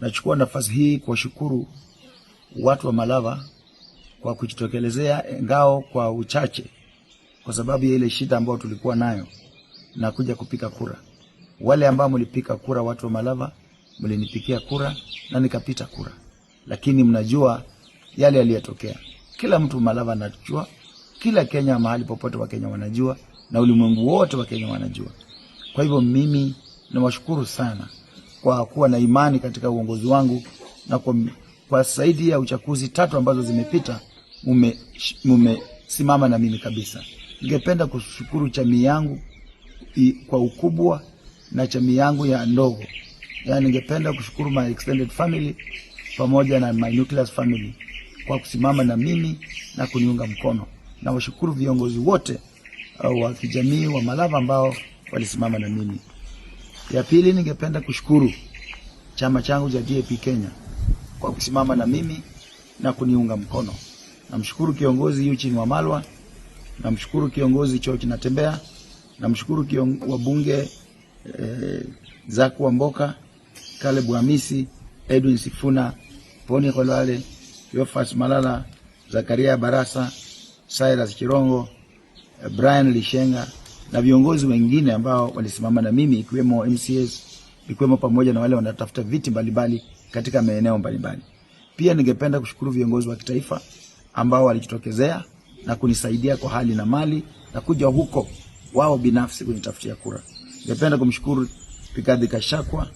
Nachukua nafasi hii kuwashukuru watu wa Malava kwa kujitokelezea, ngao kwa uchache, kwa sababu ya ile shida ambayo tulikuwa nayo na kuja kupiga kura. Wale ambao mlipiga kura, watu wa Malava, mlinipigia kura na nikapita kura, lakini mnajua yale yaliyotokea. Kila mtu Malava anajua, kila Kenya mahali popote Wakenya wanajua, na ulimwengu wote Wakenya wanajua. Kwa hivyo mimi nawashukuru sana kwa kuwa na imani katika uongozi wangu na kwa, kwa saidi ya uchaguzi tatu ambazo zimepita mumesimama na mimi kabisa. Ningependa kushukuru jamii yangu i, kwa ukubwa na jamii yangu ya ndogo, yaani ningependa kushukuru my extended family pamoja na my nucleus family kwa kusimama na mimi na kuniunga mkono. Nawashukuru viongozi wote uh, wa kijamii wa Malava ambao walisimama na mimi. Ya pili, ningependa kushukuru chama changu cha DAP Kenya kwa kusimama na mimi na kuniunga mkono. Namshukuru kiongozi Eugene Wamalwa, namshukuru kiongozi George Natembea, namshukuru wa wabunge eh, Zaku Wamboka, Caleb Hamisi, Edwin Sifuna, Poni Kolwale, Yofas Malala, Zakaria Barasa, Cyrus Chirongo, eh, Brian Lishenga na viongozi wengine ambao walisimama na mimi ikiwemo MCS ikiwemo pamoja na wale wanatafuta viti mbalimbali katika maeneo mbalimbali. Pia ningependa kushukuru viongozi wa kitaifa ambao walijitokezea na kunisaidia kwa hali na mali na kuja huko wao binafsi kunitafutia kura. Ningependa kumshukuru Rigathi Gachagua,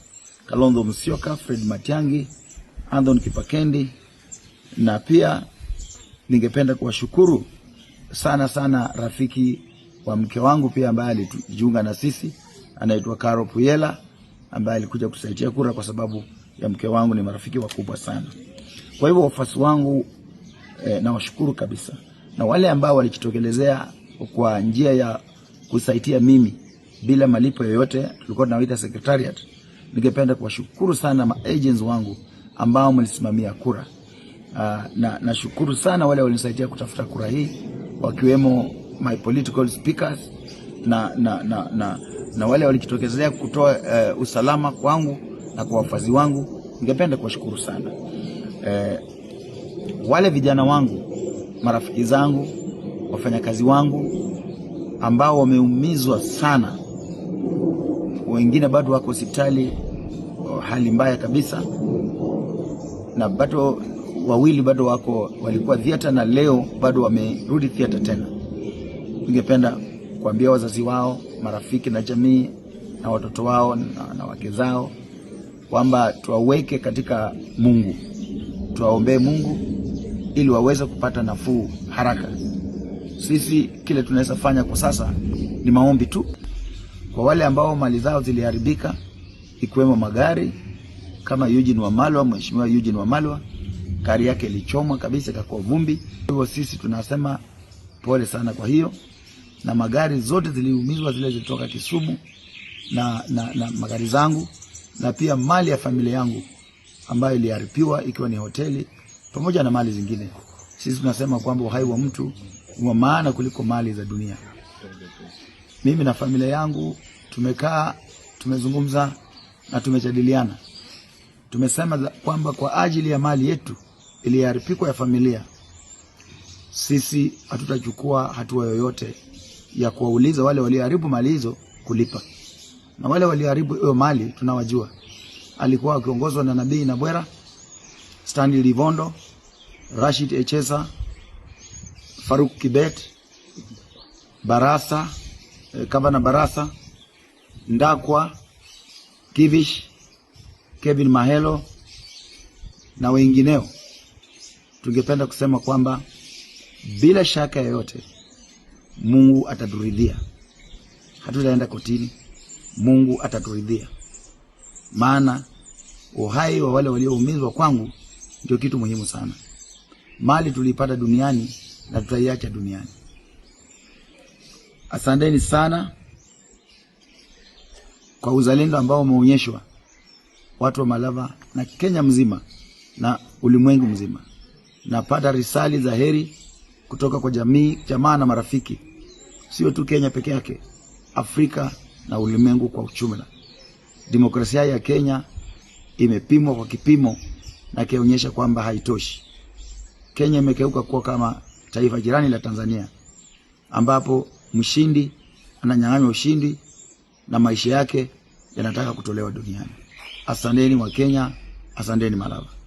Kalonzo Musyoka, Fred Matiang'i, Anthony Kipakendi na pia ningependa kuwashukuru sana sana rafiki kwa mke wangu pia ambaye alijiunga na sisi anaitwa Karo Puyela ambaye alikuja kusaidia kura kwa sababu ya mke wangu, ni marafiki wakubwa sana. Kwa hivyo wafuasi wangu eh, nawashukuru kabisa, na wale ambao walijitokelezea kwa njia ya kusaidia mimi bila malipo yoyote, tulikuwa tunawaita secretariat. Ningependa kuwashukuru sana ma agents wangu ambao mlisimamia kura. Aa, ah, na nashukuru sana wale walinisaidia kutafuta kura hii wakiwemo my political speakers na, na, na, na, na wale walikitokezea kutoa uh, usalama kwangu na kwa wafazi wangu, ningependa kuwashukuru sana uh, wale vijana wangu, marafiki zangu, wafanyakazi wangu ambao wameumizwa sana, wengine bado wako hospitali oh, hali mbaya kabisa, na bado wawili bado wako walikuwa theater na leo bado wamerudi theater tena ningependa kuambia wazazi wao, marafiki na jamii na watoto wao na, na wake zao kwamba tuwaweke katika Mungu, tuwaombee Mungu ili waweze kupata nafuu haraka. Sisi kile tunaweza fanya kwa sasa ni maombi tu. Kwa wale ambao mali zao ziliharibika ikiwemo magari kama Eugene Wamalwa, mheshimiwa Eugene Wamalwa, gari yake ilichomwa kabisa, ikakuwa vumbi. Hivyo sisi tunasema pole sana kwa hiyo na magari zote ziliumizwa, zile zilitoka Kisumu na, na, na magari zangu na pia mali ya familia yangu ambayo iliharibiwa ikiwa ni hoteli pamoja na mali zingine. Sisi tunasema kwamba uhai wa mtu ni wa maana kuliko mali za dunia. Mimi na familia yangu tumekaa, tumezungumza na tumejadiliana. Tumesema kwamba kwa ajili ya mali yetu iliyoharibikwa ya familia, sisi hatutachukua hatua yoyote ya kuwauliza wale walioharibu mali hizo kulipa. Na wale walioharibu hiyo mali tunawajua, alikuwa akiongozwa na Nabii Nabwera, Stanley Livondo, Rashid Echesa, Faruk Kibet, Barasa eh, Kavana, Barasa Ndakwa, Kivish, Kevin Mahelo na wengineo. Tungependa kusema kwamba bila shaka yoyote Mungu ataturidhia, hatutaenda kotini, Mungu ataturidhia, maana uhai wa wale walioumizwa kwangu ndio kitu muhimu sana. Mali tulipata duniani na tutaiacha duniani. Asanteni sana kwa uzalendo ambao umeonyeshwa watu wa Malava na Kenya mzima na ulimwengu mzima. Napata risali za heri kutoka kwa jamii, jamaa na marafiki sio tu Kenya peke yake, Afrika na ulimwengu kwa ujumla. Demokrasia ya Kenya imepimwa kwa kipimo na kionyesha kwamba haitoshi. Kenya imekeuka kuwa kama taifa jirani la Tanzania ambapo mshindi ananyang'anywa ushindi na maisha yake yanataka kutolewa duniani. Asanteni wa Kenya, asanteni Malava.